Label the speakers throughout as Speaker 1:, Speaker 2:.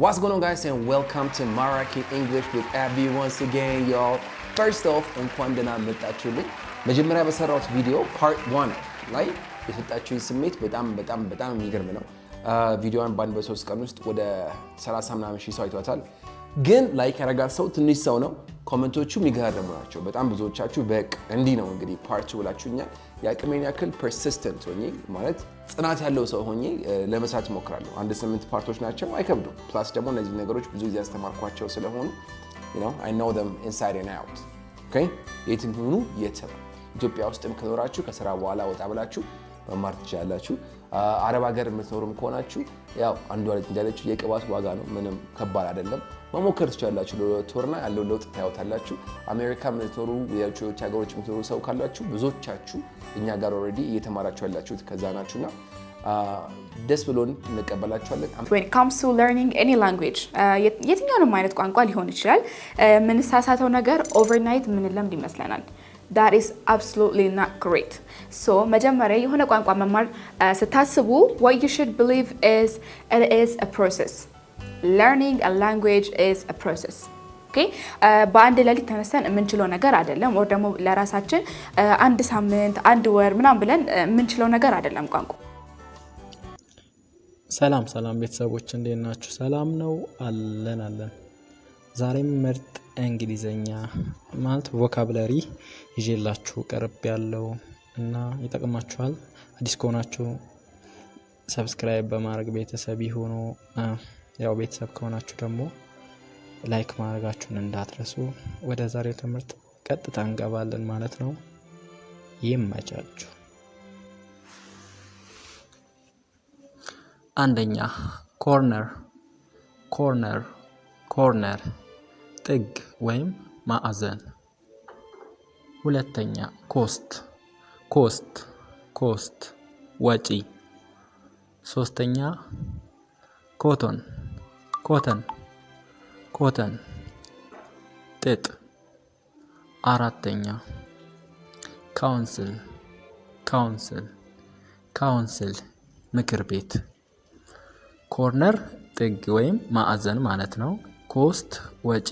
Speaker 1: What's going on guys and welcome to Maraki English with Abby once again y'all. ፈርስት ኦፍ I'm ደህና መጣችሁልኝ። መጀመሪያ በሰራሁት ቪዲዮ ፓርት ዋን ላይ የሰጣችሁኝ ስሜት በጣም በጣም በጣም የሚገርም ነው። ቪዲዮን በአንድ በሶስት ቀን ውስጥ ወደ 30 ምናምን ሺህ ሰው አይቷታል። ግን ላይክ ያረጋት ሰው ትንሽ ሰው ነው። ኮመንቶቹ የሚገራረሙ ናቸው። በጣም ብዙዎቻችሁ በቅ እንዲህ ነው እንግዲህ ፓርት ብላችሁኛል የአቅሜን ያክል ፐርሲስተንት ሆኜ ማለት ጽናት ያለው ሰው ሆኜ ለመስራት እሞክራለሁ። አንድ ስምንት ፓርቶች ናቸው፣ አይከብዱም። ፕላስ ደግሞ እነዚህ ነገሮች ብዙ ጊዜ ያስተማርኳቸው ስለሆኑ አይ ኖው ዘም ኢንሳይድ ኤንድ አውት። የትም ሆኑ የትም ኢትዮጵያ ውስጥም ከኖራችሁ ከስራ በኋላ ወጣ ብላችሁ መማር ትችላላችሁ። አረብ ሀገር የምትኖሩም ከሆናችሁ ያው አንዷ ልጅ እንዳለችው የቅባት ዋጋ ነው፣ ምንም ከባድ አይደለም። መሞከር ትችላላችሁ። ለሁለት ወርና ያለውን ለውጥ ታያወታላችሁ። አሜሪካ የምትኖሩ ሌሎች ሀገሮች የምትኖሩ ሰው ካላችሁ ብዙዎቻችሁ እኛ ጋር ኦልሬዲ እየተማራችሁ ያላችሁት ከዛ ናችሁና ደስ ብሎን እንቀበላችኋለን። የትኛውንም አይነት ቋንቋ ሊሆን ይችላል። የምንሳሳተው ነገር ኦቨርናይት ምንለምድ ይመስለናል። ዳት አብሶሉትሊ ናት ግሬት። ሶ መጀመሪያ የሆነ ቋንቋ መማር ስታስቡ ዋት ዩ ሹድ ቢሊቭ ኢዝ ኢት ኢዝ አ ፕሮሰስ ለርኒንግ አ ላንጉዌጅ ኢዝ አ ፕሮሰስ በአንድ ሌሊት ተነስተን የምንችለው ነገር አይደለም። ወር ደግሞ ለራሳችን አንድ ሳምንት አንድ ወር ምናምን ብለን የምንችለው ነገር አይደለም ቋንቋ።
Speaker 2: ሰላም ሰላም ቤተሰቦች እንዴት ናችሁ? ሰላም ነው አለን አለን። ዛሬም ምርጥ እንግሊዘኛ ማለት ቮካብለሪ ይዤላችሁ ቀርብ ያለው እና ይጠቅማችኋል። አዲስ ከሆናችሁ ሰብስክራይብ በማድረግ ቤተሰብ ይሁኑ። ያው ቤተሰብ ከሆናችሁ ደግሞ ላይክ ማድረጋችሁን እንዳትረሱ። ወደ ዛሬው ትምህርት ቀጥታ እንገባለን ማለት ነው። ይመቻችሁ።
Speaker 3: አንደኛ ኮርነር፣ ኮርነር፣ ኮርነር ጥግ ወይም ማዕዘን። ሁለተኛ ኮስት፣ ኮስት፣ ኮስት ወጪ። ሶስተኛ ኮቶን፣ ኮተን ኮተን ጥጥ አራተኛ ካውንስል ካውንስል ካውንስል ምክር ቤት ኮርነር ጥግ ወይም ማዕዘን ማለት ነው። ኮስት ወጪ፣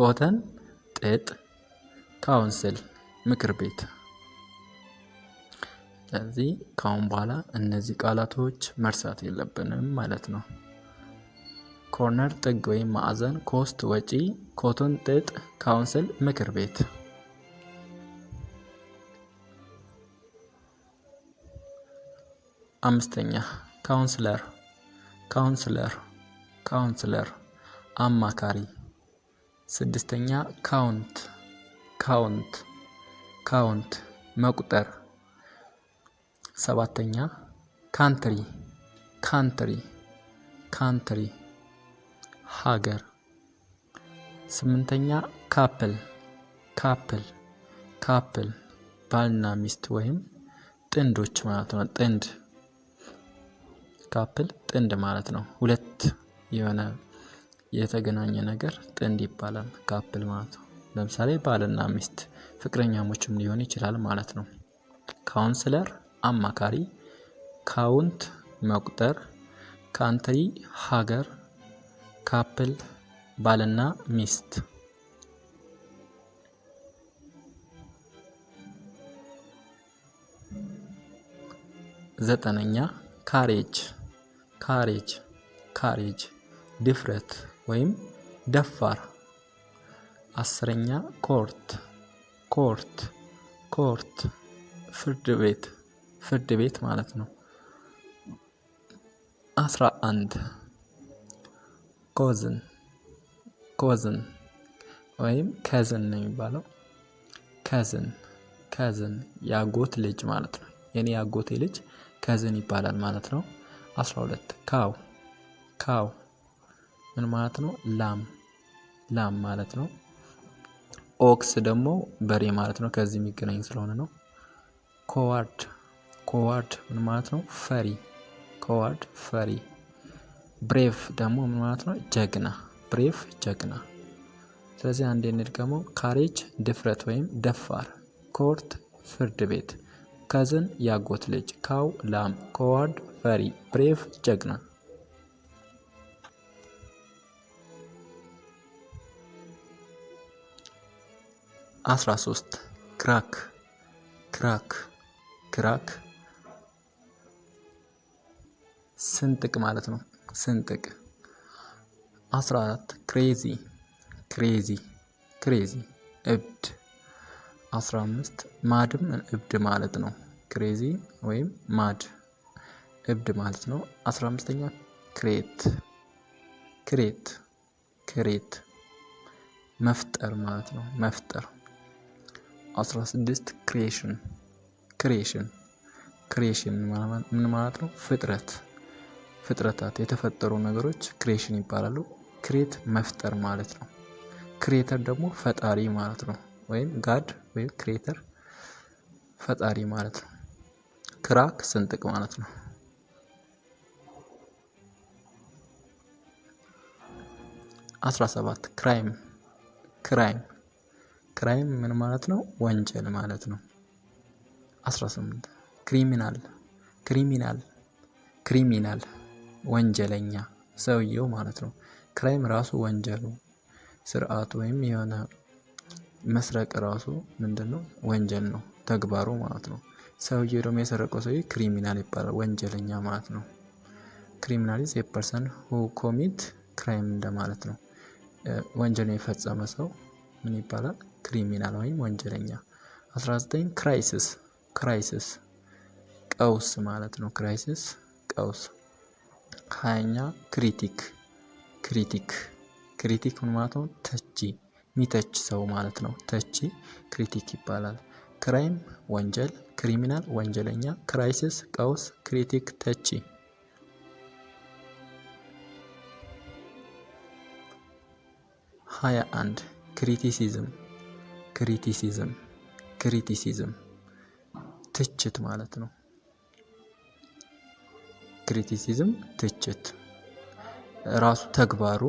Speaker 3: ኮተን ጥጥ፣ ካውንስል ምክር ቤት። ስለዚህ ካሁን በኋላ እነዚህ ቃላቶች መርሳት የለብንም ማለት ነው። ኮርነር ጥግ ወይም ማዕዘን ኮስት ወጪ ኮቶን ጥጥ ካውንስል ምክር ቤት አምስተኛ ካውንስለር ካውንስለር ካውንስለር አማካሪ ስድስተኛ ካውንት ካውንት ካውንት መቁጠር ሰባተኛ ካንትሪ ካንትሪ ካንትሪ ሀገር ስምንተኛ ካፕል ካፕል ካፕል ባልና ሚስት ወይም ጥንዶች ማለት ነው። ጥንድ ካፕል ጥንድ ማለት ነው። ሁለት የሆነ የተገናኘ ነገር ጥንድ ይባላል። ካፕል ማለት ነው። ለምሳሌ ባልና ሚስት ፍቅረኛሞችም ሊሆን ይችላል ማለት ነው። ካውንስለር አማካሪ፣ ካውንት መቁጠር፣ ካንትሪ ሀገር ካፕል ባልና ሚስት ዘጠነኛ ካሬጅ ካሬጅ ካሬጅ ድፍረት ወይም ደፋር አስረኛ ኮርት ኮርት ኮርት ፍርድ ቤት ፍርድ ቤት ማለት ነው አስራ አንድ ኮዝን ኮዝን ወይም ከዝን ነው የሚባለው። ከዝን ከዝን የአጎት ልጅ ማለት ነው። የኔ ያጎቴ ልጅ ከዝን ይባላል ማለት ነው። አስራ ሁለት ካው ካው ምን ማለት ነው? ላም ላም ማለት ነው። ኦክስ ደግሞ በሬ ማለት ነው። ከዚህ የሚገናኝ ስለሆነ ነው። ኮዋርድ ኮዋርድ ምን ማለት ነው? ፈሪ ኮዋርድ ፈሪ ብሬቭ ደግሞ ምን ማለት ነው? ጀግና። ብሬቭ ጀግና። ስለዚህ አንድ እንሂድ ደግሞ ካሬጅ ድፍረት ወይም ደፋር፣ ኮርት ፍርድ ቤት፣ ከዝን ያጎት ልጅ፣ ካው ላም፣ ኮዋርድ ፈሪ፣ ብሬቭ ጀግና። አስራ ሶስት ክራክ ክራክ ክራክ ስንጥቅ ማለት ነው። ስንጥቅ 14 ክሬዚ ክሬዚ ክሬዚ እብድ 15 ማድም እብድ ማለት ነው። ክሬዚ ወይም ማድ እብድ ማለት ነው። 15ኛ ክሬት ክሬት ክሬት መፍጠር ማለት ነው። መፍጠር 16 ክሬሽን ክሬሽን ክሬሽን ምን ማለት ነው? ፍጥረት ፍጥረታት የተፈጠሩ ነገሮች ክሬሽን ይባላሉ። ክሬት መፍጠር ማለት ነው። ክሬተር ደግሞ ፈጣሪ ማለት ነው። ወይም ጋድ ወይም ክሬተር ፈጣሪ ማለት ነው። ክራክ ስንጥቅ ማለት ነው። አስራ ሰባት ክራይም ክራይም ክራይም ምን ማለት ነው? ወንጀል ማለት ነው። አስራ ስምንት ክሪሚናል ክሪሚናል ክሪሚናል ወንጀለኛ ሰውየው ማለት ነው። ክራይም ራሱ ወንጀሉ ስርዓቱ ወይም የሆነ መስረቅ ራሱ ምንድን ነው ወንጀል ነው ተግባሩ ማለት ነው። ሰውየው ደግሞ የሰረቀው ሰውዬ ክሪሚናል ይባላል ወንጀለኛ ማለት ነው። ክሪሚናል የፐርሰን ሁ ኮሚት ክራይም እንደማለት ነው። ወንጀል የፈጸመ ሰው ምን ይባላል? ክሪሚናል ወይም ወንጀለኛ። 19 ክራይሲስ ክራይሲስ ቀውስ ማለት ነው። ክራይሲስ ቀውስ ሃያኛ ክሪቲክ ክሪቲክ ክሪቲክ ምን ማለት ነው? ተቺ ሚተች ሰው ማለት ነው። ተቺ ክሪቲክ ይባላል። ክራይም ወንጀል፣ ክሪሚናል ወንጀለኛ፣ ክራይሲስ ቀውስ፣ ክሪቲክ ተቺ። ሀያ አንድ ክሪቲሲዝም ክሪቲሲዝም ክሪቲሲዝም ትችት ማለት ነው። ክሪቲሲዝም ትችት ራሱ ተግባሩ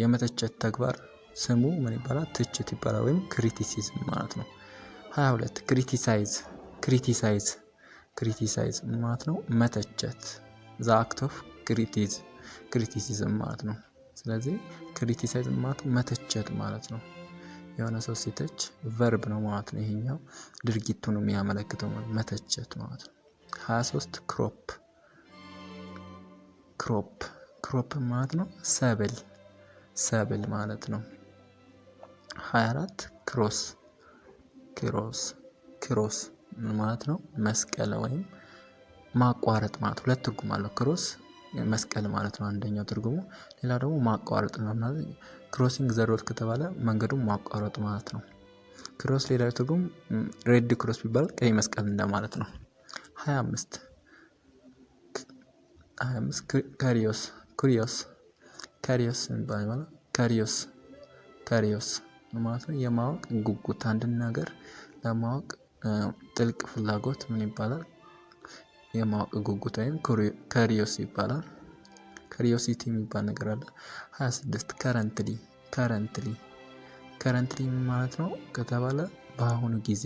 Speaker 3: የመተቸት ተግባር ስሙ ምን ይባላል? ትችት ይባላል፣ ወይም ክሪቲሲዝም ማለት ነው። 22 ክሪቲሳይዝ ክሪቲሳይዝ ክሪቲሳይዝ ማለት ነው መተቸት፣ ዛ አክት ኦፍ ክሪቲዝ ክሪቲሲዝም ማለት ነው። ስለዚህ ክሪቲሳይዝ ማለት መተቸት ማለት ነው። የሆነ ሰው ሲተች ቨርብ ነው ማለት ነው። ይሄኛው ድርጊቱን የሚያመለክተው መተቸት ማለት ነው። 23 ክሮፕ ክሮፕ ክሮፕ ማለት ነው ሰብል ሰብል ማለት ነው። 24 ክሮስ ክሮስ ክሮስ ማለት ነው? መስቀል ወይም ማቋረጥ ማለት ሁለት ትርጉም አለው። ክሮስ መስቀል ማለት ነው አንደኛው ትርጉሙ፣ ሌላ ደግሞ ማቋረጥ ነው። ክሮሲንግ ዘ ሮድ ከተባለ መንገዱ ማቋረጥ ማለት ነው። ክሮስ ሌላ ትርጉም ሬድ ክሮስ ቢባል ቀይ መስቀል እንደማለት ነው። 25 አምስ ካሪዮስ ኩሪዮስ ካሪዮስ የሚባል ማለት ካሪዮስ ካሪዮስ ማለት ነው። የማወቅ ጉጉት አንድን ነገር ለማወቅ ጥልቅ ፍላጎት ምን ይባላል? የማወቅ ጉጉት ወይም ካሪዮስ ይባላል። ካሪዮሲቲ የሚባል ነገር አለ። 26 ከረንትሊ ከረንትሊ ከረንትሊ ማለት ነው ከተባለ በአሁኑ ጊዜ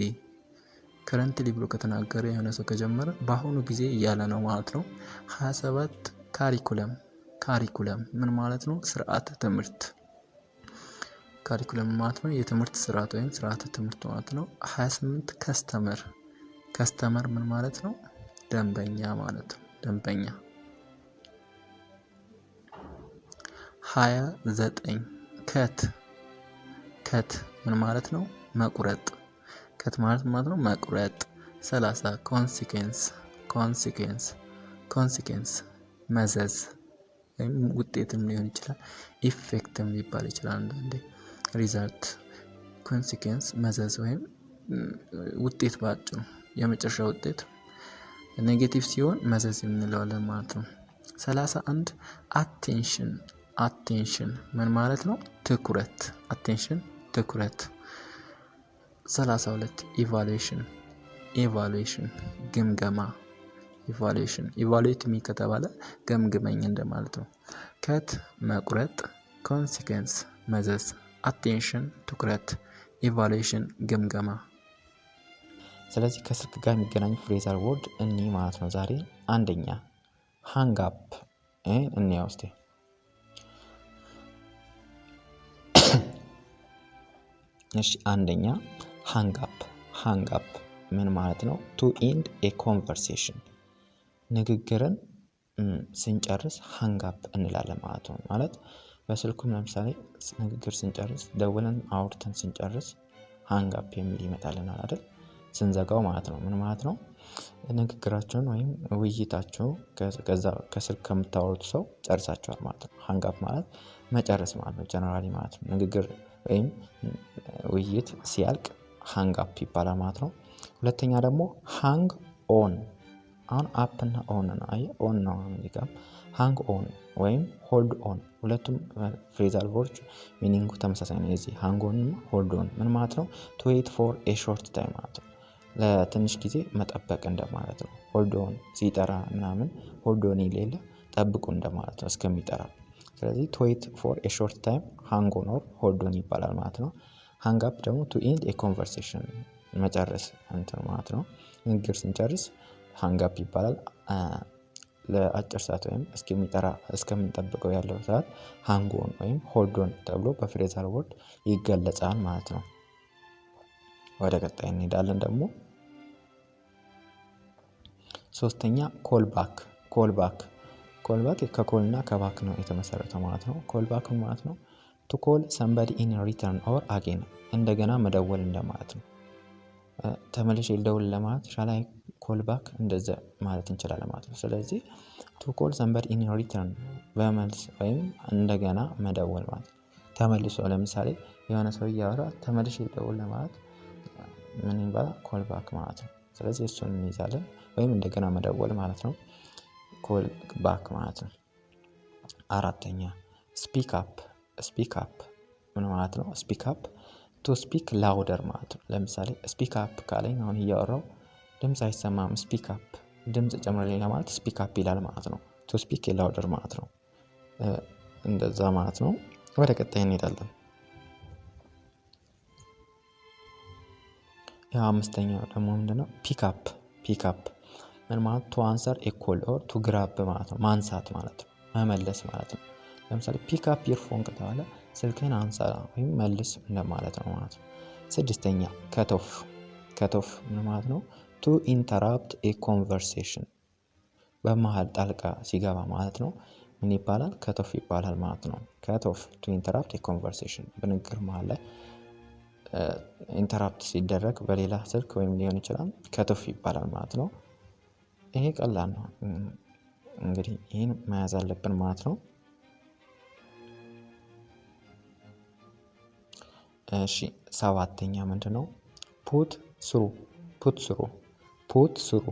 Speaker 3: ከረንትሊ ብሎ ከተናገረ የሆነ ሰው ከጀመረ በአሁኑ ጊዜ እያለ ነው ማለት ነው። 27 ካሪኩለም ካሪኩለም ምን ማለት ነው? ስርዓተ ትምህርት ካሪኩለም ማለት ነው የትምህርት ስርዓት ወይም ስርዓተ ትምህርት ማለት ነው። 28 ከስተመር ከስተመር ምን ማለት ነው? ደንበኛ ማለት ነው። ደንበኛ 29 ከት ከት ምን ማለት ነው? መቁረጥ መመልከት ማለት ማለት ነው። መቁረጥ ሰላሳ ኮንሲኩዌንስ ኮንሲኩዌንስ ኮንሲኩዌንስ መዘዝ ወይም ውጤትም ሊሆን ይችላል። ኢፌክትም ሊባል ይችላል። አንዳንዴ ሪዛልት ኮንሲኩዌንስ መዘዝ ወይም ውጤት ባጭሩ የመጨረሻ ውጤት ኔጌቲቭ ሲሆን መዘዝ የምንለዋለን ማለት ነው። 31 አቴንሽን አቴንሽን ምን ማለት ነው? ትኩረት አቴንሽን ትኩረት 32 ኢቫሉዌሽን ኢቫሉዌሽን ግምገማ ኢቫሉዌሽን ኢቫሉዌት ሚ ከተባለ ገምግመኝ እንደማለት ነው። ከት መቁረጥ፣ ኮንሲኩዌንስ መዘዝ፣ አቴንሽን ትኩረት፣ ኢቫሉዌሽን ግምገማ። ስለዚህ ከስልክ ጋር የሚገናኙ ፍሬዘር ወርድ እኒህ ማለት ነው። ዛሬ አንደኛ ሃንግ አፕ እንያ እሺ አንደኛ ሃንግ አፕ ሃንግ አፕ ምን ማለት ነው? ቱ ኢንድ ኤ ኮንቨርሴሽን ንግግርን ስንጨርስ ሃንግ አፕ እንላለን ማለት ነው። ማለት በስልኩም ለምሳሌ ንግግር ስንጨርስ ደውለን አውርተን ስንጨርስ ሃንግ አፕ የሚል ይመጣልናል አይደል? ስንዘጋው ማለት ነው። ምን ማለት ነው? ንግግራቸውን ወይም ውይይታቸው ከስልክ ከምታወሩት ሰው ጨርሳቸዋል ማለት ነው። ሃንግ አፕ ማለት መጨረስ ማለት ነው። ጀነራሊ ማለት ነው። ንግግር ወይም ውይይት ሲያልቅ ሃንግ አፕ ይባላል ማለት ነው። ሁለተኛ ደግሞ ሃንግ ኦን አሁን አፕ እና ኦን ነው። ኦን ነው እዚህ ሃንግ ኦን ወይም ሆልድ ኦን ሁለቱም ፍሬዛል ቨርብ ሚኒንጉ ተመሳሳይ ነው። የዚህ ሃንግ ኦን ሆልድ ኦን ምን ማለት ነው? ቱ ዌት ፎር ኤ ሾርት ታይም ማለት ነው። ለትንሽ ጊዜ መጠበቅ እንደማለት ነው። ሆልድ ኦን ሲጠራ ምናምን ሆልድ ኦን የሌለ ጠብቁ እንደማለት ነው እስከሚጠራ። ስለዚህ ቱ ዌት ፎር ኤ ሾርት ታይም ሃንግ ኦን ኦር ሆልድ ኦን ይባላል ማለት ነው። አፕ ደግሞ ቱ ኢንድ ኮንቨርሴሽን መጨረስ እንትን ማለት ነው። ንግግር ስንጨርስ ሃንጋፕ ይባላል። ለአጭር ሰዓት ወይም እስከምንጠብቀው ያለው ሰዓት ሃንጎን ወይም ሆልዶን ተብሎ በፍሬዘር ወርድ ይገለጻል ማለት ነው። ወደ ቀጣይ እንሄዳለን ደግሞ ሶስተኛ ኮልባክ ኮልባክ ኮልባክ ከኮልና ከባክ ነው የተመሰረተው ማለት ነው። ኮልባክ ማለት ነው ቱ ኮል ሰምበዲ ኢን ሪተርን ኦር አጌን እንደገና መደወል እንደማለት ነው። ተመልሼ ልደውል ለማለት ሻላይ ኮል ባክ እንደዛ ማለት እንችላለን ማለት ነው። ስለዚህ ቱ ኮል ሰምበዲ ኢን ሪተርን በመልስ ወይም እንደገና መደወል ማለት ነው። ተመልሶ ለምሳሌ የሆነ ሰው እያወራ ተመልሼ ልደውል ለማለት ምን ይባላል? ኮል ባክ ማለት ነው። ስለዚህ እሱን እንይዛለን ወይም እንደገና መደወል ማለት ነው። ኮል ባክ ማለት ነው። አራተኛ ስፒክ አፕ ስፒክ አፕ ምን ማለት ነው? ስፒክ አፕ ቱ ስፒክ ላውደር ማለት ነው። ለምሳሌ ስፒክ አፕ ካለኝ አሁን እያወራው ድምፅ አይሰማም። ስፒክ አፕ ድምፅ ጨምረልኝ ለማለት ስፒክ አፕ ይላል ማለት ነው። ቱ ስፒክ ላውደር ማለት ነው። እንደዛ ማለት ነው። ወደ ቀጣይ እንሄዳለን። ያው አምስተኛው ደግሞ ምንድነው? ፒክአፕ ፒክአፕ ምን ማለት ቱ አንሰር ኤኮል ኦር ቱ ግራብ ማለት ነው። ማንሳት ማለት ነው። መመለስ ማለት ነው። ለምሳሌ ፒክ አፕ ዩር ፎን ከተባለ ስልክህን አንሳ ወይም መልስ እንደማለት ነው ማለት ነው። ስድስተኛ ከቶፍ ከቶፍ ምን ማለት ነው? ቱ ኢንተራፕት ኤ ኮንቨርሴሽን በመሀል ጣልቃ ሲገባ ማለት ነው። ምን ይባላል? ከቶፍ ይባላል ማለት ነው። ከቶፍ ቱ ኢንተራፕት ኤ ኮንቨርሴሽን በንግግር መሀል ላይ ኢንተራፕት ሲደረግ በሌላ ስልክ ወይም ሊሆን ይችላል ከቶፍ ይባላል ማለት ነው። ይሄ ቀላል ነው። እንግዲህ ይህን መያዝ አለብን ማለት ነው። እሺ ሰባተኛ ምንድነው? ፑት ስሩ ፑት ስሩ ፑት ስሩ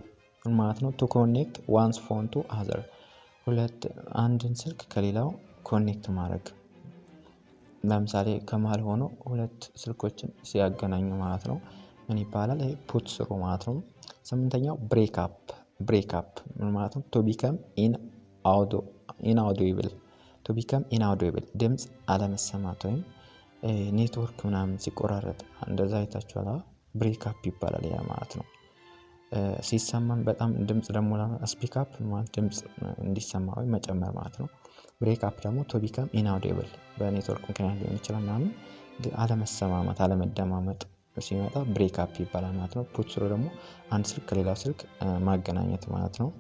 Speaker 3: ማለት ነው ቱ ኮኔክት ዋንስ ፎን ቱ አዘር ሁለት አንድን ስልክ ከሌላው ኮኔክት ማድረግ ለምሳሌ ከመሀል ሆኖ ሁለት ስልኮችን ሲያገናኙ ማለት ነው ምን ይባላል? ይሄ ፑት ስሩ ማለት ነው። ስምንተኛው ብሬክ አፕ ብሬክ አፕ ምን ማለት ነው? ቱ ቢከም ኢንአውዲብል ቱ ቢከም ይብል ድምፅ አለመሰማት ወይም ኔትወርክ ምናምን ሲቆራረጥ እንደዛ አይታችኋል። ብሬክፕ ይባላል ያ ማለት ነው። ሲሰማን በጣም ድምፅ ደግሞ ስፒክፕ ድምፅ እንዲሰማ ወይ መጨመር ማለት ነው። ብሬክፕ ደግሞ ቶቢካም ኢናውዴብል በኔትወርክ ምክንያት ሊሆን ይችላል ምናምን አለመሰማመት፣ አለመደማመጥ ሲመጣ ብሬክፕ ይባላል ማለት ነው። ፑት ስሩ ደግሞ አንድ ስልክ ከሌላው ስልክ ማገናኘት ማለት ነው።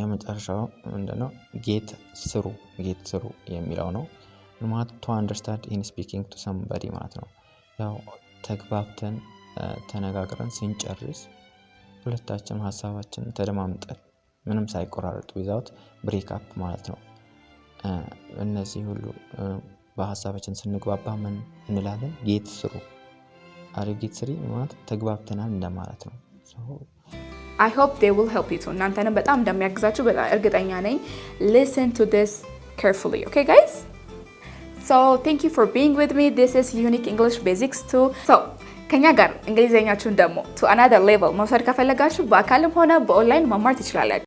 Speaker 3: የመጨረሻው ምንድነው? ጌት ስሩ ጌት ስሩ የሚለው ነው። ማለት ቱ አንደርስታንድ ኢን ስፒኪንግ ቱ ሰምበዲ ማለት ነው። ያው ተግባብተን ተነጋግረን ስንጨርስ ሁለታችን ሀሳባችን ተደማምጠን ምንም ሳይቆራረጡ ዊዛውት ብሬክ አፕ ማለት ነው። እነዚህ ሁሉ በሀሳባችን ስንግባባ ምን እንላለን? ጌት ስሩ አሪ ጌት ስሪ ማለት ተግባብተናል እንደማለት ነው።
Speaker 4: አይ ሆፕ ዴይ ዊል ሄልፕ ዩ ቱ እናንተንም በጣም እንደሚያግዛችሁ በጣም እርግጠኛ ነኝ። ሊስን ቱ ዲስ ኬርፉሊ ኦኬ ጋይስ So thank you for being with me. This is Unique English Basics 2. So ከኛ ጋር እንግሊዘኛችሁን ደግሞ to another level መውሰድ ከፈለጋችሁ በአካልም ሆነ በኦንላይን መማር ትችላላችሁ።